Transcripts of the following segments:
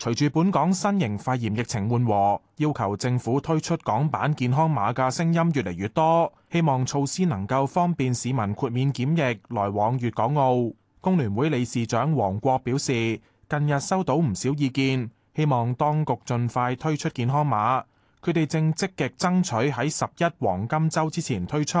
隨住本港新型肺炎疫情緩和，要求政府推出港版健康碼嘅聲音越嚟越多，希望措施能夠方便市民豁免檢疫來往粵港澳。工聯會理事長黃國表示，近日收到唔少意見，希望當局儘快推出健康碼。佢哋正積極爭取喺十一黃金周之前推出，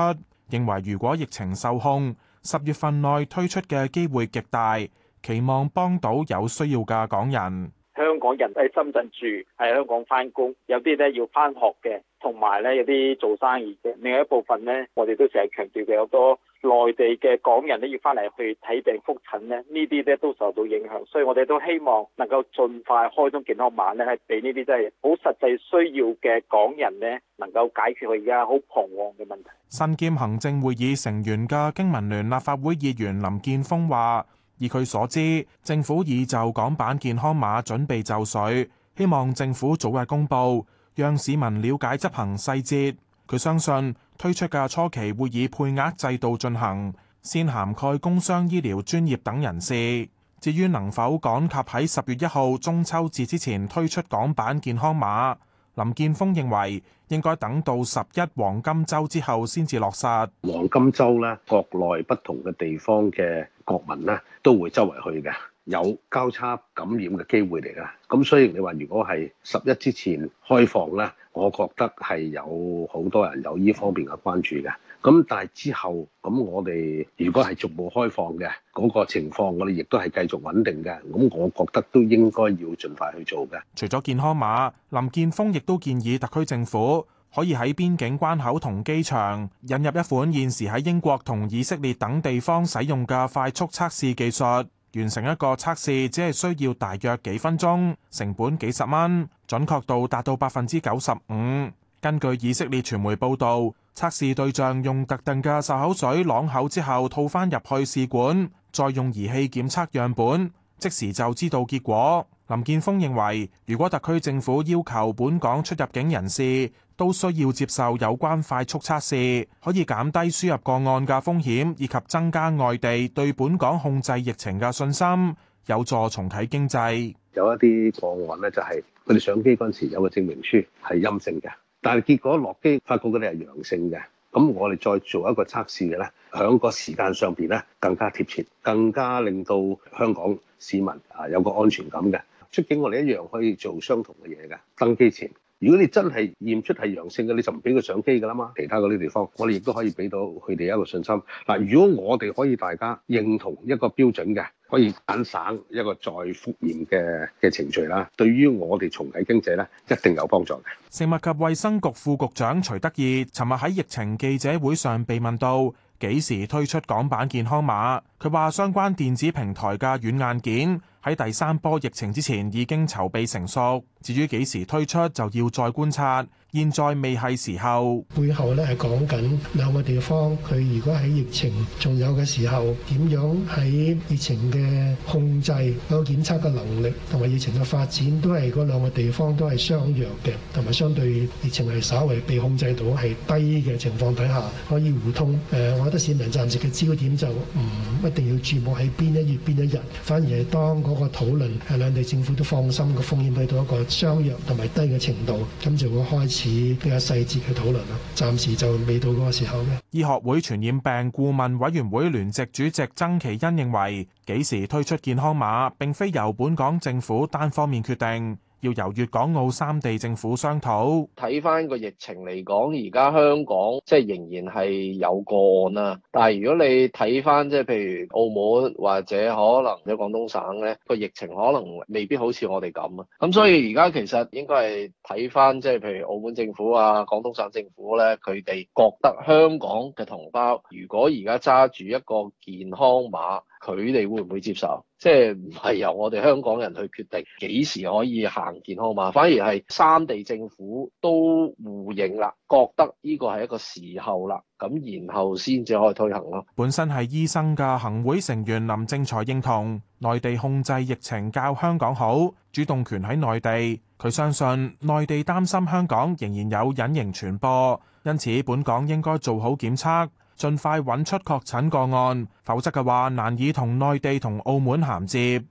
認為如果疫情受控，十月份內推出嘅機會極大，期望幫到有需要嘅港人。香港人喺深圳住，喺香港返工，有啲咧要返學嘅，同埋咧有啲做生意嘅，另外一部分咧，我哋都成日強調嘅好多內地嘅港人咧要返嚟，去睇病復診咧，呢啲咧都受到影響，所以我哋都希望能夠盡快開通健康碼咧，俾呢啲真係好實際需要嘅港人咧，能夠解決佢而家好彷徨嘅問題。身兼行政會議成員嘅經民聯立法會議員林健鋒話。以佢所知，政府已就港版健康碼準備就緒，希望政府早日公布，讓市民了解執行細節，佢相信推出嘅初期會以配額制度進行，先涵蓋工商醫療專業等人士。至於能否趕及喺十月一號中秋節之前推出港版健康碼？林健鋒認為應該等到十一黃金週之後先至落實。黃金週咧，國內不同嘅地方嘅國民咧都會周圍去嘅，有交叉感染嘅機會嚟啦。咁所以你話如果係十一之前開放咧，我覺得係有好多人有呢方面嘅關注嘅。咁但係之後，咁我哋如果係逐步開放嘅嗰個情況，我哋亦都係繼續穩定嘅。咁我覺得都應該要盡快去做嘅。除咗健康碼，林健鋒亦都建議特區政府可以喺邊境關口同機場引入一款現時喺英國同以色列等地方使用嘅快速測試技術，完成一個測試只係需要大約幾分鐘，成本幾十蚊，準確度達到百分之九十五。根據以色列傳媒報道，測試對象用特定嘅漱口水啷口之後，套翻入去試管，再用儀器檢測樣本，即時就知道結果。林健鋒認為，如果特區政府要求本港出入境人士都需要接受有關快速測試，可以減低輸入個案嘅風險，以及增加外地對本港控制疫情嘅信心，有助重啟經濟。有一啲個案呢，就係佢哋上機嗰陣時有個證明書係陰性嘅。但係結果落機發覺佢哋係陽性嘅，咁我哋再做一個測試嘅咧，喺個時間上邊咧更加貼切，更加令到香港市民啊有個安全感嘅出境，我哋一樣可以做相同嘅嘢嘅，登機前。如果你真係驗出係陽性嘅，你就唔俾佢上機㗎啦嘛。其他嗰啲地方，我哋亦都可以俾到佢哋一個信心。嗱，如果我哋可以大家認同一個標準嘅，可以減省省一個再復驗嘅嘅程序啦。對於我哋重啟經濟咧，一定有幫助嘅。食物及衛生局副局長徐德義尋日喺疫情記者會上被問到幾時推出港版健康碼，佢話相關電子平台嘅軟硬件，喺第三波疫情之前已經籌備成熟，至於幾時推出就要再觀察。現在未係時候。背後咧，係講緊兩個地方，佢如果喺疫情仲有嘅時候，點樣喺疫情嘅控制、個檢測嘅能力同埋疫情嘅發展，都係兩個地方都係相若嘅，同埋相對疫情係稍微被控制到係低嘅情況底下可以互通。誒，我覺得市民暫時嘅焦點就唔一定要注目喺邊一月邊一日，反而係當個討論係兩地政府都放心個風險去到一個相若同埋低嘅程度，咁就會開始。似比較細節嘅討論啦，暫時就未到嗰個時候嘅。醫學會傳染病顧問委員會聯席主席曾其恩認為，幾時推出健康碼，並非由本港政府單方面決定。要由粵港澳三地政府商討。睇翻個疫情嚟講，而家香港即係仍然係有個案啦。但係如果你睇翻即係譬如澳門或者可能喺廣東省咧，個疫情可能未必好似我哋咁啊。咁所以而家其實應該係睇翻即係譬如澳門政府啊、廣東省政府咧，佢哋覺得香港嘅同胞如果而家揸住一個健康碼。佢哋會唔會接受？即係唔係由我哋香港人去決定幾時可以行健康碼？反而係三地政府都互認啦，覺得呢個係一個時候啦，咁然後先至可以推行咯。本身係醫生嘅行會成員林正財認同，內地控制疫情較香港好，主動權喺內地。佢相信內地擔心香港仍然有隱形傳播，因此本港應該做好檢測。盡快揾出確診個案，否則嘅話難以同內地同澳門銜接。